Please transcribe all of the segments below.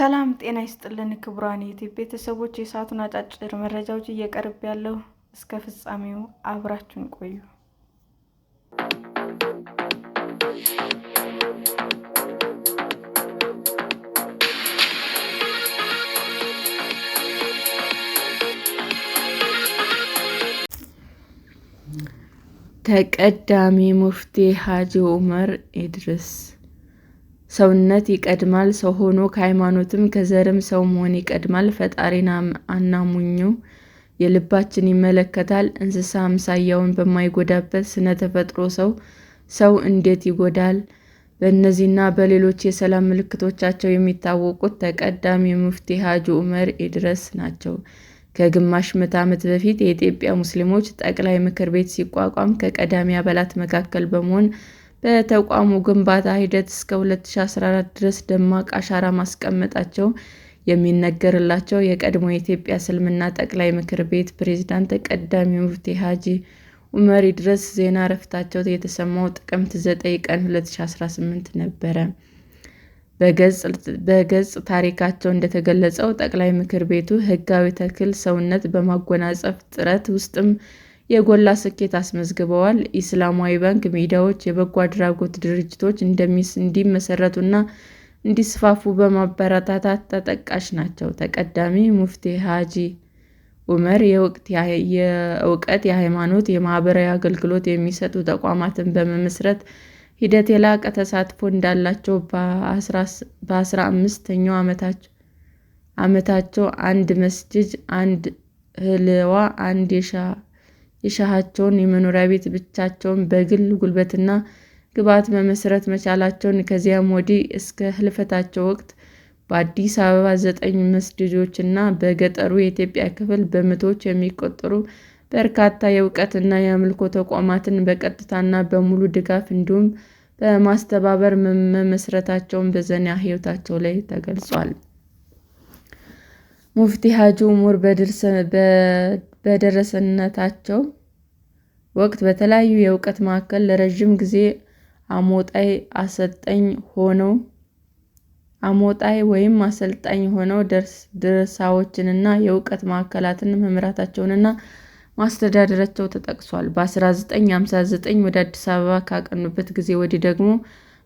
ሰላም ጤና ይስጥልን ክቡራን ዩቲዩብ ቤተሰቦች፣ የሰዓቱን አጫጭር መረጃዎች እየቀርብ ያለው እስከ ፍጻሜው አብራችሁን ቆዩ። ተቀዳሚ ሙፍቲ ሐጂ ዑመር ኢድሪስ ሰውነት ይቀድማል ሰው ሆኖ ከሃይማኖትም ከዘርም ሰው መሆን ይቀድማል። ፈጣሪን አናሙኙ የልባችን ይመለከታል። እንስሳ አምሳያውን በማይጎዳበት ስነ ተፈጥሮ ሰው ሰው እንዴት ይጎዳል? በእነዚህና በሌሎች የሰላም ምልክቶቻቸው የሚታወቁት ተቀዳሚ ሙፍቲ ሐጂ ዑመር ኢድሪስ ናቸው። ከግማሽ ምዕተ ዓመት በፊት የኢትዮጵያ ሙስሊሞች ጠቅላይ ምክር ቤት ሲቋቋም ከቀዳሚ አባላት መካከል በመሆን በተቋሙ ግንባታ ሂደት እስከ 2014 ድረስ ደማቅ አሻራ ማስቀመጣቸው የሚነገርላቸው የቀድሞ የኢትዮጵያ እስልምና ጠቅላይ ምክር ቤት ፕሬዝዳንት ቀዳሚ ሙፍቲ ሐጂ ዑመር ኢድሪስ ዜና ዕረፍታቸው የተሰማው ጥቅምት 9 ቀን 2018 ነበረ። በገጽ ታሪካቸው እንደተገለጸው፣ ጠቅላይ ምክር ቤቱ ሕጋዊ ተክለ ሰውነት በማጎናጸፍ ጥረት ውስጥም የጎላ ስኬት አስመዝግበዋል። ኢስላማዊ ባንክ ሜዳዎች የበጎ አድራጎት ድርጅቶች እንዲመሰረቱና እንዲስፋፉ በማበረታታት ተጠቃሽ ናቸው። ተቀዳሚ ሙፍቲ ሐጂ ዑመር የእውቀት፣ የሃይማኖት፣ የማህበራዊ አገልግሎት የሚሰጡ ተቋማትን በመመስረት ሂደት የላቀ ተሳትፎ እንዳላቸው በአስራ አምስተኛው ዓመታቸው አንድ መስጅድ አንድ ህልዋ፣ አንድ የሻ የሻሃቸውን የመኖሪያ ቤት ብቻቸውን በግል ጉልበትና ግብዓት መመስረት መቻላቸውን ከዚያም ወዲህ እስከ ህልፈታቸው ወቅት በአዲስ አበባ ዘጠኝ መስጊዶችና በገጠሩ የኢትዮጵያ ክፍል በመቶዎች የሚቆጠሩ በርካታ የእውቀትና የአምልኮ ተቋማትን በቀጥታና በሙሉ ድጋፍ እንዲሁም በማስተባበር መመስረታቸውን በዘና ህይወታቸው ላይ ተገልጿል። ሙፍቲ ሐጂ ዑመር በደረሰነታቸው ወቅት በተለያዩ የእውቀት ማዕከል ለረዥም ጊዜ አሞጣይ አሰልጣኝ ሆነው አሞጣይ ወይም አሰልጣኝ ሆነው ድርሳዎችንና የእውቀት ማዕከላትን መምራታቸውንና ማስተዳደራቸው ተጠቅሷል። በ1959 ወደ አዲስ አበባ ካቀኑበት ጊዜ ወዲህ ደግሞ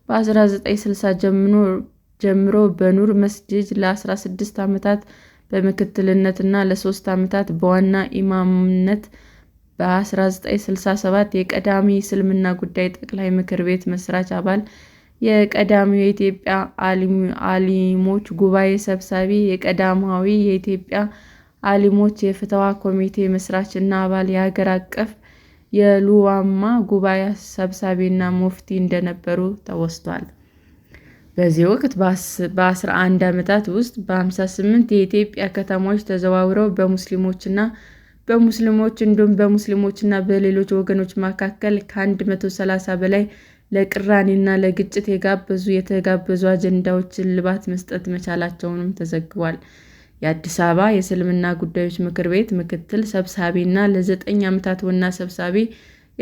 በ1960 ጀምሮ በኑር መስጂድ ለ16 ዓመታት በምክትልነትና ለሶስት ዓመታት በዋና ኢማምነት በ1967 የቀዳሚ እስልምና ጉዳይ ጠቅላይ ምክር ቤት መስራች አባል፣ የቀዳሚው የኢትዮጵያ አሊሞች ጉባኤ ሰብሳቢ፣ የቀዳማዊ የኢትዮጵያ አሊሞች የፍትዋ ኮሚቴ መስራች እና አባል፣ የሀገር አቀፍ የሉዋማ ጉባኤ ሰብሳቢና ሙፍቲ እንደነበሩ ተወስቷል። በዚህ ወቅት በ11 ዓመታት ውስጥ በ58 የኢትዮጵያ ከተሞች ተዘዋውረው በሙስሊሞችና በሙስሊሞች እንዲሁም በሙስሊሞችና በሌሎች ወገኖች መካከል ከ130 በላይ ለቅራኔና ለግጭት የጋበዙ የተጋበዙ አጀንዳዎችን እልባት መስጠት መቻላቸውንም ተዘግቧል። የአዲስ አበባ የእስልምና ጉዳዮች ምክር ቤት ምክትል ሰብሳቢ እና ለዘጠኝ ዓመታት ዋና ሰብሳቢ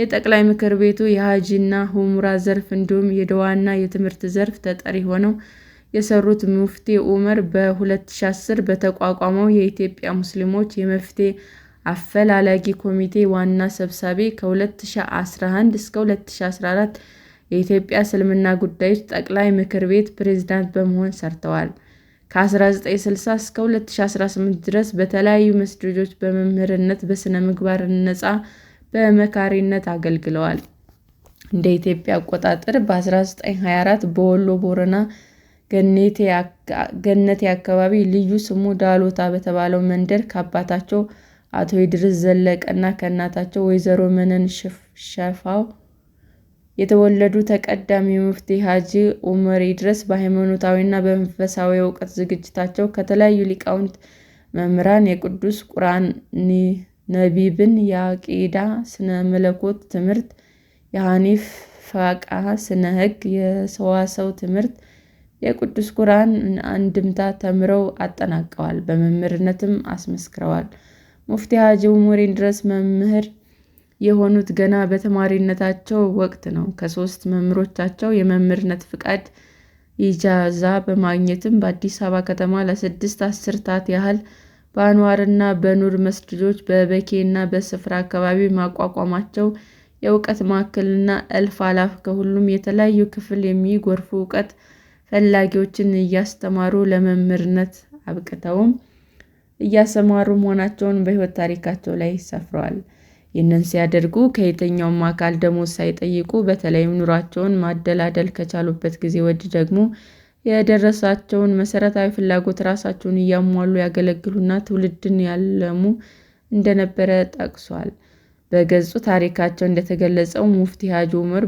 የጠቅላይ ምክር ቤቱ የሀጂና ዑምራ ዘርፍ እንዲሁም የደዋና የትምህርት ዘርፍ ተጠሪ ሆነው የሰሩት ሙፍቲ ዑመር በ2010 በተቋቋመው የኢትዮጵያ ሙስሊሞች የመፍቴ አፈላላጊ ኮሚቴ ዋና ሰብሳቢ፣ ከ2011 እስከ 2014 የኢትዮጵያ እስልምና ጉዳዮች ጠቅላይ ምክር ቤት ፕሬዝዳንት በመሆን ሰርተዋል ከ ከ1960 እስከ 2018 ድረስ በተለያዩ መስጊዶች በመምህርነት፣ በሥነ ምግባር ነፃ በመካሪነት አገልግለዋል። እንደ ኢትዮጵያ አቆጣጠር በ1924 በወሎ ቦረና ገነቴ አካባቢ ልዩ ስሙ ዳሎታ በተባለው መንደር ከአባታቸው አቶ ይድርስ ዘለቀና ከእናታቸው ወይዘሮ መነን ሸፋው የተወለዱ ተቀዳሚ ሙፍቲ ሐጂ ዑመር ይድሪስ በሃይማኖታዊና በመንፈሳዊ እውቀት ዝግጅታቸው ከተለያዩ ሊቃውንት መምህራን የቅዱስ ቁርአን ነቢብን፣ የዐቂዳ ስነ መለኮት ትምህርት፣ የሐኒፍ ፈቃ ስነ ህግ፣ የሰዋሰው ትምህርት፣ የቅዱስ ቁርአን አንድምታ ተምረው አጠናቀዋል። በመምህርነትም አስመስክረዋል። ሙፍቲ ሐጂ ሞሬን ድረስ መምህር የሆኑት ገና በተማሪነታቸው ወቅት ነው። ከሶስት መምህሮቻቸው የመምህርነት ፍቃድ ኢጃዛ በማግኘትም በአዲስ አበባ ከተማ ለስድስት አስርታት ያህል በአንዋርና በኑር መስጂዶች በበኬና በስፍራ አካባቢ ማቋቋማቸው የእውቀት ማዕከልና እልፍ አላፍ ከሁሉም የተለያዩ ክፍል የሚጎርፉ እውቀት ፈላጊዎችን እያስተማሩ ለመምህርነት አብቅተውም እያሰማሩ መሆናቸውን በሕይወት ታሪካቸው ላይ ሰፍረዋል። ይህንን ሲያደርጉ ከየትኛውም አካል ደሞዝ ሳይጠይቁ በተለይም ኑሯቸውን ማደላደል ከቻሉበት ጊዜ ወዲህ ደግሞ የደረሳቸውን መሰረታዊ ፍላጎት ራሳቸውን እያሟሉ ያገለግሉና ትውልድን ያለሙ እንደነበረ ጠቅሷል። በገጹ ታሪካቸው እንደተገለጸው ሙፍቲ ሐጂ ዑመር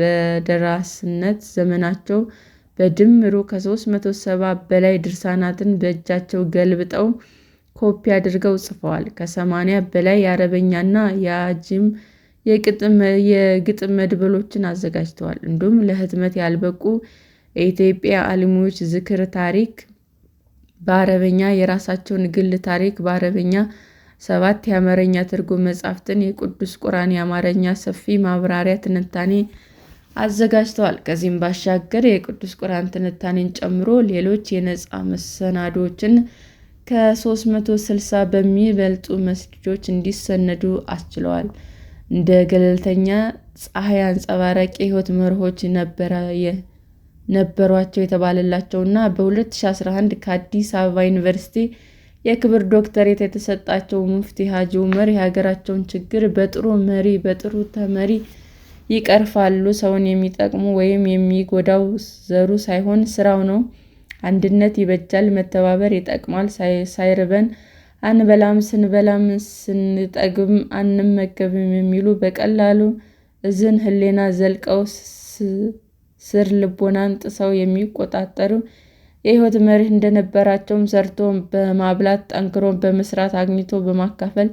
በደራስነት ዘመናቸው በድምሩ ከ370 በላይ ድርሳናትን በእጃቸው ገልብጠው ኮፒ አድርገው ጽፈዋል። ከ80 በላይ የአረበኛና የአጂም የግጥም መድበሎችን አዘጋጅተዋል። እንዲሁም ለህትመት ያልበቁ የኢትዮጵያ አልሚዎች ዝክር ታሪክ በአረበኛ የራሳቸውን ግል ታሪክ በአረበኛ፣ ሰባት የአማርኛ ትርጉም መጻሕፍትን፣ የቅዱስ ቁርአን የአማርኛ ሰፊ ማብራሪያ ትንታኔ አዘጋጅተዋል። ከዚህም ባሻገር የቅዱስ ቁርአን ትንታኔን ጨምሮ ሌሎች የነጻ መሰናዶዎችን ከ360 በሚበልጡ መስጂዶች እንዲሰነዱ አስችለዋል። እንደ ገለልተኛ ፀሐይ አንጸባራቂ የሕይወት መርሆች ነበረ ነበሯቸው የተባለላቸው እና በ2011 ከአዲስ አበባ ዩኒቨርሲቲ የክብር ዶክተሬት የተሰጣቸው ሙፍቲ ሐጂ ዑመር የሀገራቸውን ችግር በጥሩ መሪ በጥሩ ተመሪ ይቀርፋሉ። ሰውን የሚጠቅሙ ወይም የሚጎዳው ዘሩ ሳይሆን ስራው ነው። አንድነት ይበጃል፣ መተባበር ይጠቅማል። ሳይርበን አንበላም፣ ስንበላም ስንጠግብም አንመገብም የሚሉ በቀላሉ እዝን ህሌና ዘልቀው ስር ልቦናን ጥሰው የሚቆጣጠሩ የህይወት መርህ እንደነበራቸውም ሰርቶ በማብላት ጠንክሮ በመስራት አግኝቶ በማካፈል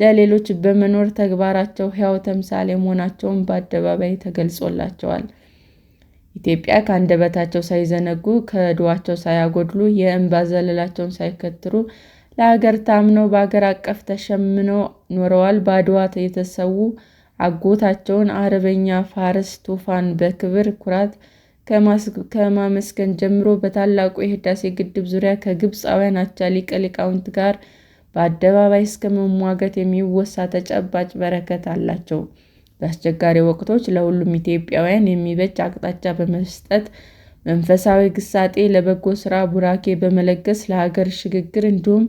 ለሌሎች በመኖር ተግባራቸው ሕያው ተምሳሌ መሆናቸውን በአደባባይ ተገልጾላቸዋል። ኢትዮጵያ ከአንደበታቸው ሳይዘነጉ ከድዋቸው ሳያጎድሉ የእንባ ዘለላቸውን ሳይከትሩ ለሀገር ታምነው በሀገር አቀፍ ተሸምነው ኖረዋል። በአድዋ የተሰዉ አጎታቸውን አረበኛ ፋርስ ቱፋን በክብር ኩራት ከማመስገን ጀምሮ በታላቁ የህዳሴ ግድብ ዙሪያ ከግብፃውያን አቻ ሊቀ ሊቃውንት ጋር በአደባባይ እስከ መሟገት የሚወሳ ተጨባጭ በረከት አላቸው። በአስቸጋሪ ወቅቶች ለሁሉም ኢትዮጵያውያን የሚበጅ አቅጣጫ በመስጠት መንፈሳዊ ግሳጤ፣ ለበጎ ሥራ ቡራኬ በመለገስ ለሀገር ሽግግር እንዲሁም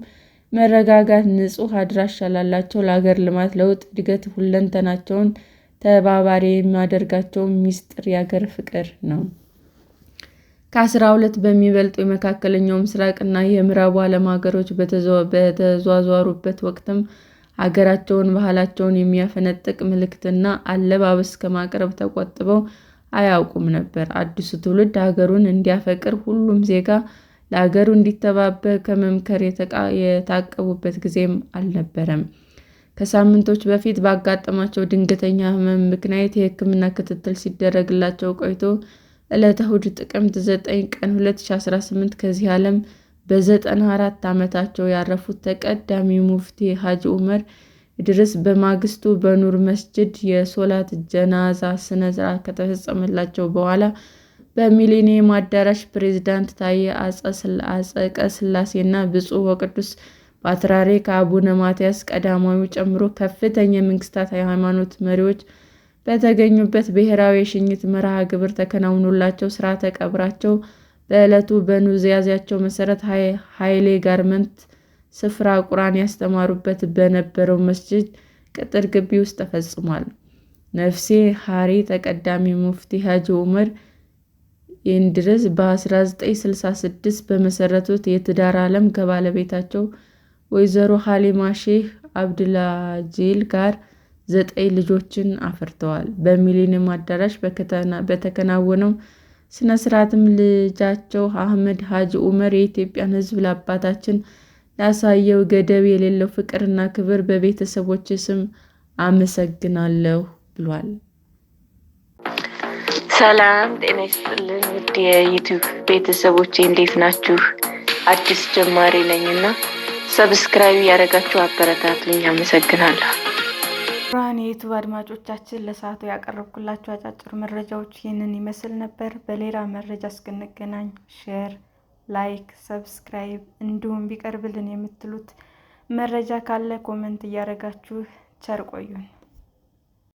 መረጋጋት፣ ንጹህ አድራሻ ላላቸው ለአገር ልማት ለውጥ እድገት ሁለንተናቸውን ተባባሪ የሚያደርጋቸው ሚስጥር የሀገር ፍቅር ነው። ከአስራ ሁለት በሚበልጡ የመካከለኛው ምስራቅ እና የምዕራቡ ዓለም ሀገሮች በተዟዟሩበት ወቅትም ሀገራቸውን፣ ባህላቸውን የሚያፈነጥቅ ምልክትና አለባበስ ከማቅረብ ተቆጥበው አያውቁም ነበር። አዲሱ ትውልድ ሀገሩን እንዲያፈቅር ሁሉም ዜጋ ለአገሩ እንዲተባበር ከመምከር የታቀቡበት ጊዜም አልነበረም። ከሳምንቶች በፊት ባጋጠማቸው ድንገተኛ ህመም ምክንያት የህክምና ክትትል ሲደረግላቸው ቆይቶ ዕለተ እሑድ ጥቅምት 9 ቀን 2018 ከዚህ ዓለም በ94 ዓመታቸው ያረፉት ተቀዳሚ ሙፍቲ ሐጂ ዑመር ኢድሪስ በማግስቱ በኑር መስጂድ የሶላት ጀናዛ ስነ ስርዓት ከተፈጸመላቸው በኋላ በሚሊኒየም አዳራሽ ፕሬዝዳንት ታዬ አጽቀ እና ብፁዕ ወቅዱስ ፓትርያርክ አቡነ ማትያስ ቀዳማዊ ጨምሮ ከፍተኛ የመንግስታት የሃይማኖት መሪዎች በተገኙበት ብሔራዊ የሽኝት መርሃ ግብር ተከናውኖላቸው ሥርዓተ ቀብራቸው በዕለቱ በኑዛዜያቸው መሠረት ኃይሌ ጋርመንት ስፍራ ቁርአን ያስተማሩበት በነበረው መስጂድ ቅጥር ግቢ ውስጥ ተፈጽሟል። ነፍሴ ሐሪ ተቀዳሚ ሙፍቲ ሐጂ ዑመር ይህን ድረስ በ1966 በመሰረቱት የትዳር ዓለም ከባለቤታቸው ወይዘሮ ሀሊማ ሼህ አብድላጂል ጋር ዘጠኝ ልጆችን አፍርተዋል። በሚሊኒየም አዳራሽ በተከናወነው ስነ ስርዓትም ልጃቸው አህመድ ሀጅ ዑመር የኢትዮጵያን ሕዝብ ለአባታችን ላሳየው ገደብ የሌለው ፍቅርና ክብር በቤተሰቦች ስም አመሰግናለሁ ብሏል። ሰላም ጤና ይስጥልን ውድ የዩቲዩብ እንዴት ናችሁ? አዲስ ጀማሪ ነኝ እና ሰብስክራይብ ያደረጋችሁ አበረታቱኝ። አመሰግናለሁ። ብርሃን የዩቱብ አድማጮቻችን ለሰዓቱ ያቀረብኩላችሁ አጫጭር መረጃዎች ይህንን ይመስል ነበር። በሌላ መረጃ እስክንገናኝ ሼር፣ ላይክ፣ ሰብስክራይብ እንዲሁም ቢቀርብልን የምትሉት መረጃ ካለ ኮመንት እያደረጋችሁ ቸር ቆዩን።